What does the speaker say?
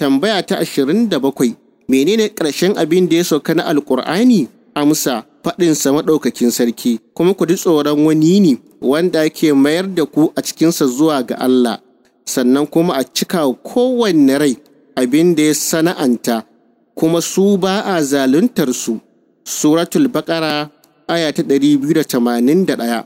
Tambaya ta ashirin da bakwai menene ƙarshen abin da ya sauka na Alƙur'ani? Amsa faɗinsa maɗaukakin sarki kuma ku ji tsoron wani ne wanda ke mayar da ku a cikinsa zuwa ga Allah sannan kuma a cika kowanne rai abin da ya sana'anta kuma su ba a zaluntar su suratul baƙara aya ta ɗaya.